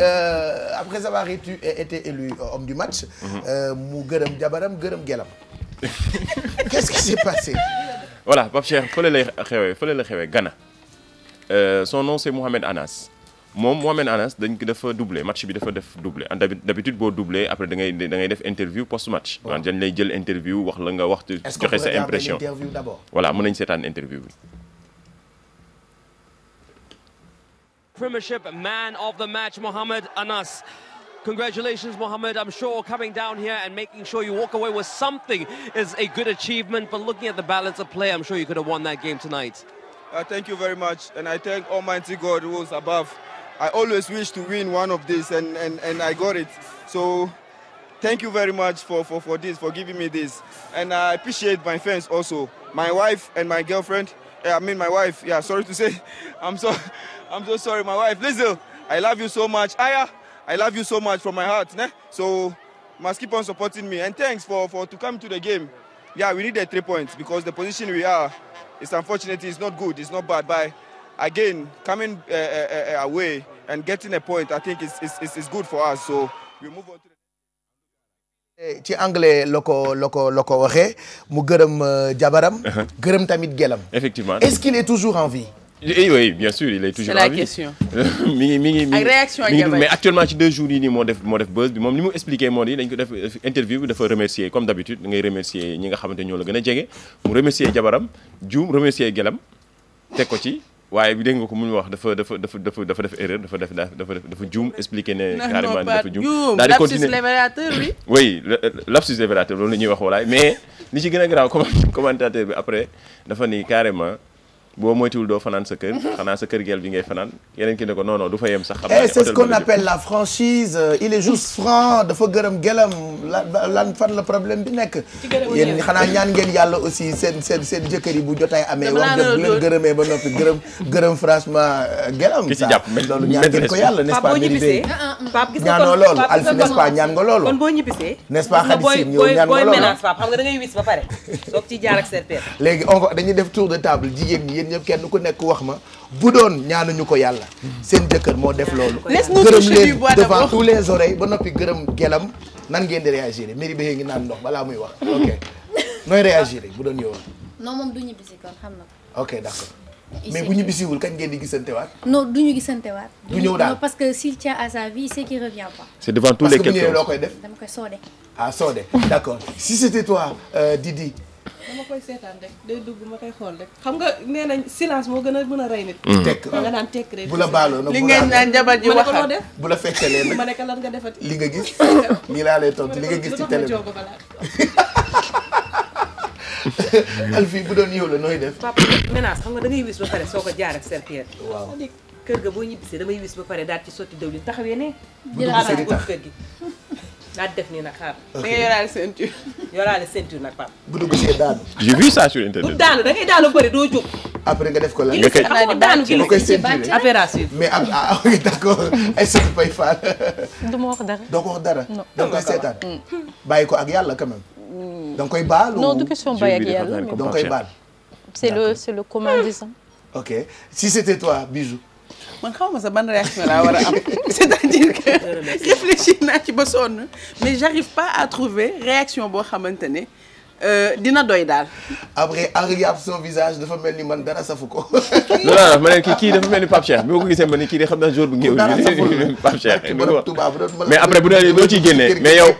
euh, après avoir été, été élu euh, homme du match. Mhm. Euh, mu gërëm jabaram gërëm gelam. qu'est-ce qui s'est passé. voilà Pape Cheikh fële lay xewee fële la xewee Ghana. Euh, son nom c'est Mohamed Anas. moom Mohamed Anas dañ ko dafa doublé match bi dafa def doublé d'habitude boo doublé après da def interview post match. dañ lay jël interview wax la nga wax. joxe sa impression est mën nañ seetaan interview bi. Premiership Man of the Match, Mohamed Anas. Congratulations, Mohamed. I'm sure coming down here and making sure you walk away with something is a good achievement. But looking at the balance of play, I'm sure you could have won that game tonight. Uh, thank you very much. And I always wish to win one of this, And I appreciate my fans also, my wife and my girlfriend. Yeah, I mean my wife. Yeah, sorry to say. I'm so I'm so sorry, my wife. Lizzo, I love you so much. Aya, I love you so much from my heart. Ne? So must keep on supporting me. And thanks for, for to come to the game. Yeah, we need the three points because the position we are, it's unfortunate, it's not good, it's not bad. But again, coming uh, uh, uh away and getting a point, I think is, is, is good for us. So we move on to the Eh, ci anglais la ko la ko la ko waxee mu gërëm euh, jabaram. Uh-huh. gërëm tamit gelam. effectivement est-ce qu'il est toujours en vie. Eh, eh, bien sûr il est toujours en vie mi mi ngi mi ngi mais actuellement ci deux jours yi nii moo def moo def buzz bi moom li mu expliqué moo di dañ ko def euh, interview bi dafa remercier comme d'habitude da ngay remercier ñi nga xamante ñoo la gën a jege mu remercier jabaram juum remercier gelam teg ko ci. waaye bi dégg nga ko mu ñu wax dafa dafa dafa dafa dafa def erreur dafa def dafa dafa juum expliqué ne carrément ni dafa juum daal di continuer lapsus révélateur bi oui lapsus loolu la ñuy wax walaay mais li ci gën a garaaw commentateur bi après dafa ni carrément boo moytuwul doo fanaan sa kër xanaa sa kër gel bi ngay fanaan yeneen ki ne ko non non du fa yem sax xam eh, la euh, fan la problème bi nekk yéen xanaa ñaan ngeen yàlla aussi seen seen seen jëkkër yi bu jot bu leen ba noppi gërëm gërëm franchement euh, gelam ki ci jàpp loolu ñaan ngeen ko yàlla n'est-ce pas mérité ah, ah, ñaanoo loolu alfi n'est-ce pas ñaan nga loolu kon boo ñibbisee n'est-ce pas ah? xadisim da wis ba pare léegi on va def tour de table jigéen yéen ñëpp kenn ku nekk wax ma bu doon ñaanuñu ko yàlla seen jëkkër moo def loolu gërëm leen devant tous les oreilles ba noppi gërëm gelam nan ngeen di réagir mairie ba ngi naan ndox balaa muy wax ok nooy réagir bu doon yow non moom du ñibbisi kon xam na ko ok d'accord mais bu ñu bisiwul kañ ngeen di gisantewaat. non du ñu gisantewaat. du ñëw daal parce que s'il tient à sa vie c'est qu'il revient pas. c'est devant tous les questions parce que bu ñëwee loo koy def. dama koy soode. ah soode si c'était toi euh, Didi. dama koy seetaan rek day dugg ma koy xool rek xam nga nee nañ silence moo gën a mën a rey nit. Mm. tekk nga ah, naan tekk rek. bu la baaloo nag li ngeen naan jabar ji waxal bu la fekkalee nag ma nekk ko lan nga defati. li nga gis nii laa lay tontu li nga gis ci télé Alphie bu doon yow la nooy def. papa ménage xam nga da ngay wis ba pare soo ko jaar ak serpillère. waaw kër ga boo ñibbisee damay wis ba pare daal ci sotti dëwlin taxawee ne. bu dugg kër gi. naa def nii nag xaar. ok da ngay yoraale ceinture. yoraale ceinture nag Pape. bu dugg see daanu. j'ai vu ça sur internet. bu daanu da ngay daanu bëri doo jóg. après nga def ko lan nga koy daanu gi nga koy ceinture affaire à suivre. mais ab ah ok d' accord ay sëñ Faye Fall. du ma wax dara. doo ko wax dara. non da nga koy seetaan. Mm. bàyyi ko ak yàlla quand même. da nga koy baal. non du question bàyyi ak yàlla mais da nga koy baal. c'est le c'est le commun des hommes. ok si c'était toi Bijou. man xaw sa ban réaction laa la a am c'est-à-dire que réfléchir naa ci ba sonn mais j'arrive pas à trouver réaction boo xamante ne euh, dina doy daal. après Henriette son visage dafa mel ni man dara safu ko. non non ma ne kii kii dafa mel ni Pape Cheikh bi ma ko gisee ma ni kii de xam naa jour bu ngéew. dara safu Pape Cheikh mais après bu dee noo ciy génnee. mais yow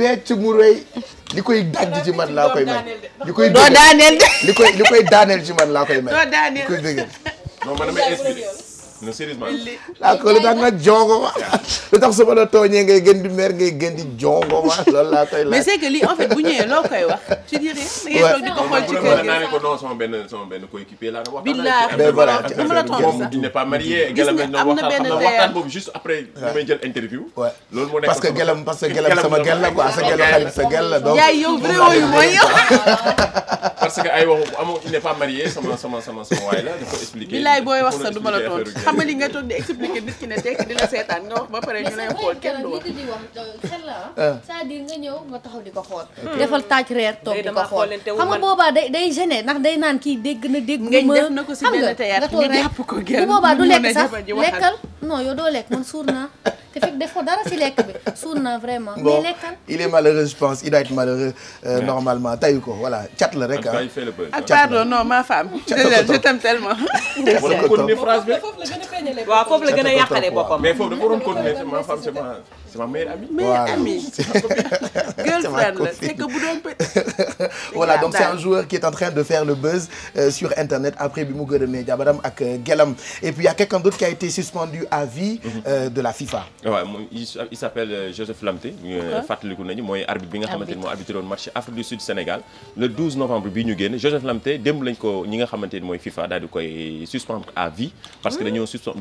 pecc ci rëy li koy daj ci man laa koy may li koy doo daaneel de li koy li koy daaneel ci man laa koy may doo daaneel li koy dëgër non sérieusement laa ko lu tax nga jongo ma lu tax su ma la tooñee ngay gën di mer ngay gën di jongo ma loolu laa koy laaj mais c'est que lii en fait bu ñëwee loo koy wax tu dirais da ngay toog di ko xool ci kër gi naa ne ko non sama benn sama benn coéquipier laa wax mais voilà dama la tontu sax il n'est pas marié gelam noonu waxtaan xam nga waxtaan boobu juste après bu may jël interview loolu moo nekk parce que gelam parce que gelam sama gel la quoi sa gel xarit sa gel la donc yaay yow vrai wooyu mooy yow parce que ay waxu amoo il n'est pas marié sama sama sa du ma nga li nga toog di expliqué nit ki ne tekk di la la ah. Ah. c'est-à-dire nga ñëw ko xool. Hmm. defal taaj reer toog di ko xool xam boobaa day day ndax day naan kii dégg na dégg. nga def na ko si benn théâtre nga jàpp ko gerte bu boobaa du lekk sax lekkal non yow doo lekk man suur te fekk defoo dara ci lekk bi suur vraiment. mais lekkal il est malheureux je pense il doit être malheureux euh, normalement tayu ko voilà la ak ah, pardon non ma femme. je t'aime tellement. continuer phrase bi waaw foofu la gën a yàqale boppam. mais foofu dafa waroon continuer ma femme c'est ma c'est ma meilleure amie. meilleure amie. frère la c'est que bu doon voilà euh, internet après bi mu gërëmee jabaram ak euh, gelam et puis a quelqu'un d'autre qui a été suspendu à vie mhm. euh, de la FIFA waaw moom Joseph Lamté fàttaliku nañu mooy arbitre bi nga xamante ni moo arbitré woon match Afrique du Sud Sénégal le 12 novembre bi ñu génn Joseph Lamté démb lañ ko ñi nga xamante ni mooy FIFA daal koy suspendre à vie parce que ah. dañoo suspendre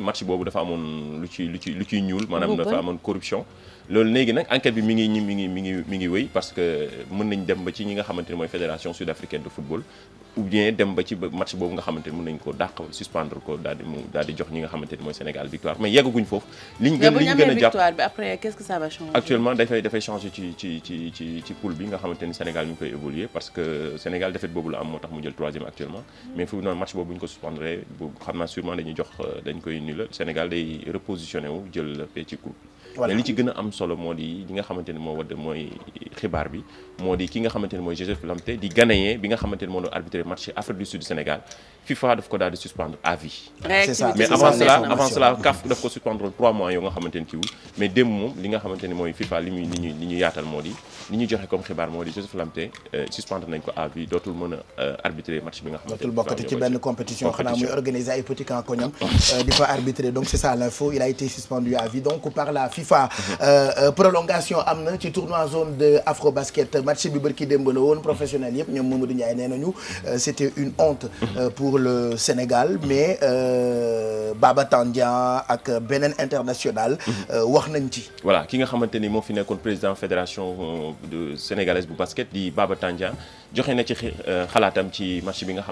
match boobu dafa amoon lu ci lu ci ñuul maanaam dafa amoon corruption loolu léegi nag enquête bi mi ngi mi ngi parce que mën nañ dem ba ci ñi nga xamante mooy fédération sud-africaine de football ou bien dem ba ci match boobu nga xamante ne nañ ko dàq suspendre ko daal jox ñi nga xamante mooy Sénégal victoire mais yeggaguñ foofu liñ gën gën a jàpp après quest dafay dafay changer ci ci bi nga xamante Sénégal mi koy évoluer parce que Sénégal défaite boobu la am moo tax mu jël troisième actuellement mm. mais fu noonu match boobu ñu ko suspendre mais li ci gën a am solo moo di li nga xamante ne moo wadd mooy xibaar bi moo di ki nga xamante ne mooy Joseph Lamptey di ghanéen bi nga xamante ne moo doon arbitré match Afrique du Sud Sénégal FIFA daf ko daal di suspendre à mais avant cela avant cela CAF ko suspendre trois mois yoo nga xamante ni mais démb moom li nga xamante mooy FIFA li muy li yaatal moo di li joxe comme xibaar moo Joseph Lamptey euh, suspendre nañ ko à vie mën a euh, arbitrer match bi nga xamante ni dootul bokkati ci benn compétition xanaa muy organiser ay petit camp koñam euh, di fa donc c'est ça l'info il a été suspendu à donc par la FIFA mhm. prolongation am na le Sénégal mm-hmm. mais euh, Baba Tandian ak beneen international. Mm-hmm. Euh, wax nañ ci. voilà ki nga xamante ni moo fi nekkoon président fédération euh, de sénégalaise bu basket di Baba Tandian joxe na ci xalaatam ci match bi nga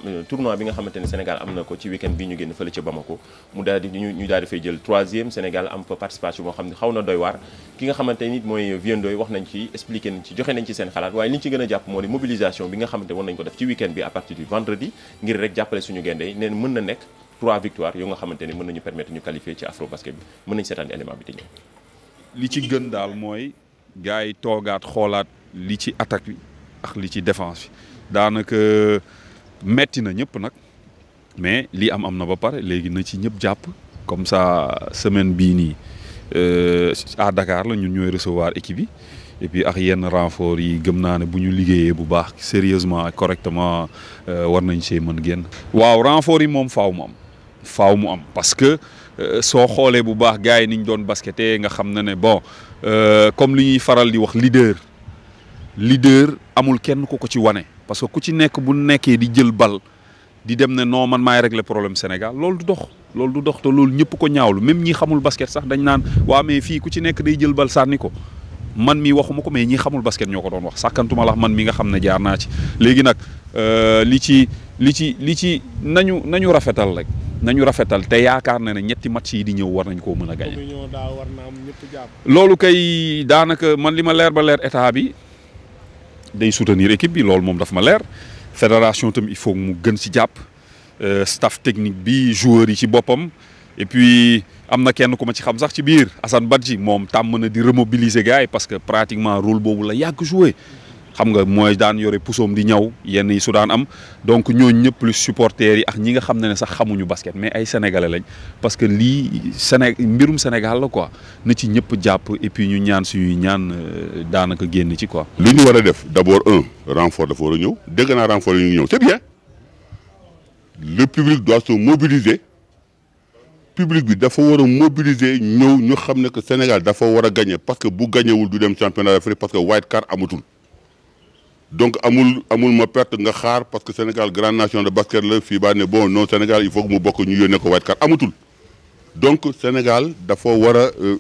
xam Sénégal am na ko ci week-end bi ñu génn fële ca Bamako mu daal di ñu daal di jël troisième Sénégal am fa participation boo xam ne xaw na doy waar ki nga xamante ni mooy viandooy wax nañ ci expliqué nañ ci joxe nañ ci seen xalaat waaye li ñu ci gën a jàpp moo di mobilisation bi nga xamante war suñu gaynde yi neen mën na nekk trois victoires yoo nga xamante ni mën nañu permettre ñu qualifier ci afro basket bi mën nañu seetaan élément bi te ñëw li ci gën daal mooy gars yi toogaat xoolaat li ci attaque bi ak li ci défense bi daanaka euh, metti na ñëpp nag mais li am am na ba pare léegi na ci ñëpp jàpp comme sa semaine bii nii euh, à dakaar la ñun ñooy recevoir équipe yi et puis ak yenn renfort yi gëm naa ne bu ñu liggéeyee bu baax sérieusement ak correctement euh, war nañ see mën génn. waaw renfort yi moom faaw mu am faaw mu am parce que euh, soo xoolee bu baax gars yi ni ñu doon baskette nga xam na ne bon euh, comme lu ñuy faral di wax leader leader amul kenn ku ko ci wane parce que ku ci nekk bu nekkee di jël bal. di dem ne noo man maay régler problème Sénégal lool du dox loolu du dox te loolu ñëpp ko ñaawlu même ñi xamul basket sax dañ naan waa fii ku ci nekk day jël bal sànni ko man mii waxuma ko mais ñi xamul basket ñoo ko doon wax sàkkantuma lax man mi nga xam ne jaar naa ci léegi nag euh, li ci li ci li ci nañu nañu rafetal rek nañu rafetal te yaakaar na ne ñetti match yi di ñëw war nañ koo mën a gañe loolu kay daanaka man li ma leer ba leer état bi day soutenir équipe bi loolu moom dafa ma leer fédération tam il faut mu gën si jàpp euh, staff technique bi joueurs yi ci boppam et puis am na kenn ku ma ci xam sax ci biir Assane Badji moom tàmm na di remobiliser gars yi parce que pratiquement rôle boobu la yàgg joué xam nga mooy daan yore pusoom di ñaw yenn yi su daan am donc ñooñu ñëpp lu supporters yi ak ñi nga xam ne ne sax xamuñu basket mais ay sénégalais lañ parce que lii Séné mbirum Sénégal la quoi na ci ñëpp jàpp et puis ñu ñaan suñuy ñaan euh, daanaka génn ci quoi. li ñu war a def d' abord un renfort dafa war a ñëw dégg naa renfort ñu ñëw c' est bien le public bi dafa war a mobiliser ñëw ñu xam ne que Sénégal dafa war a gagné parce que bu gagnewul du dem championnat d'Afrique parce que white card amatul donc amul amul ma perte nga xaar parce que Sénégal grande nation de basket la fii baa ne boo non Sénégal il faut mu bokk ñu yónnee ko white card amatul donc Sénégal dafa war a euh,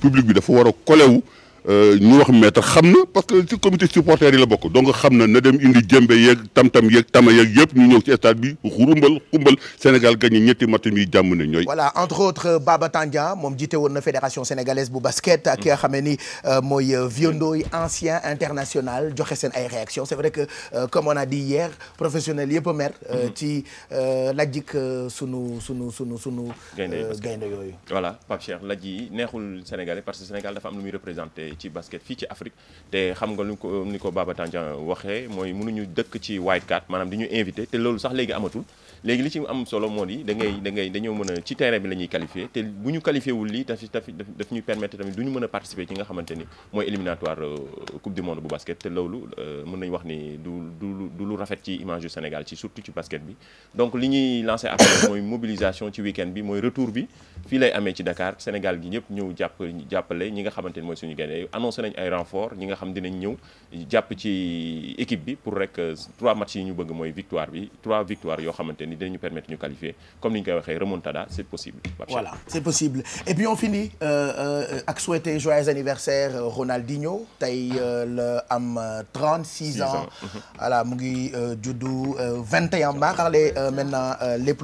public bi dafa war a kolewu Euh, ñu wax maître xam na parce que ci comité supporter yi la bokk donc xam na na dem indi jëmbe yeeg tam-tam yeeg tama yeeg yëpp ñu ñëw ci stade bi xurumbal xumbal Sénégal gagné ñetti match mi jàmm ne ñooy voilà entre autres euh, Baba tanja moom jiite woon na fédération sénégalaise bu basket ak ki nga xamee ni euh, mooy Viondooy ancien international joxe seen ay réaction c'est vrai que comme on a dit hier professionnel yëpp a mer mhm. ci lajjik sunu sunu sunu sunu gaynde yooyu voilà Pape Cheikh laj neexul Sénégalais parce que Sénégal dafa am lu muy représenté ci basket fii ci Afrique te xam nga lu ko ni ko Baba Tandian waxee mooy mënuñu dëkk ci white card maanaam di ñu invité te loolu sax léegi amatul léegi li ci am solo moo di da ngay da ngay dañoo mën a ci terrain bi la ñuy qualifié te bu ñu qualifié wul daf ñuy permettre tamit du ñu mën a participer ci nga xamante mooy euh, euh, wax ni lu rafet ci image yu ci surtout ci basket bi donc li ñuy lancé appel mooy mobilisation ci week-end bi mooy retour bi fii lay amee ci Dakar Sénégal gi ñëpp ñëw jàpp jàppale ñi nga xamante ni mooy suñu gaynde annoncé nañ ay renfort ñi nga xam dinañ ñëw jàpp ci équipe bi pour rek euh, trois matchs yi ñu bëgg mooy victoire bi trois victoires yoo xamante ni dinañu permettre ñu qualifier comme ni ñu koy waxee remontada c'est possible. voilà c'est possible et puis on finit euh, euh, ak souhaiter joyeux anniversaire euh, Ronaldinho tey la am 36 ans. voilà mu ngi juddu 21 mars. xarale maintenant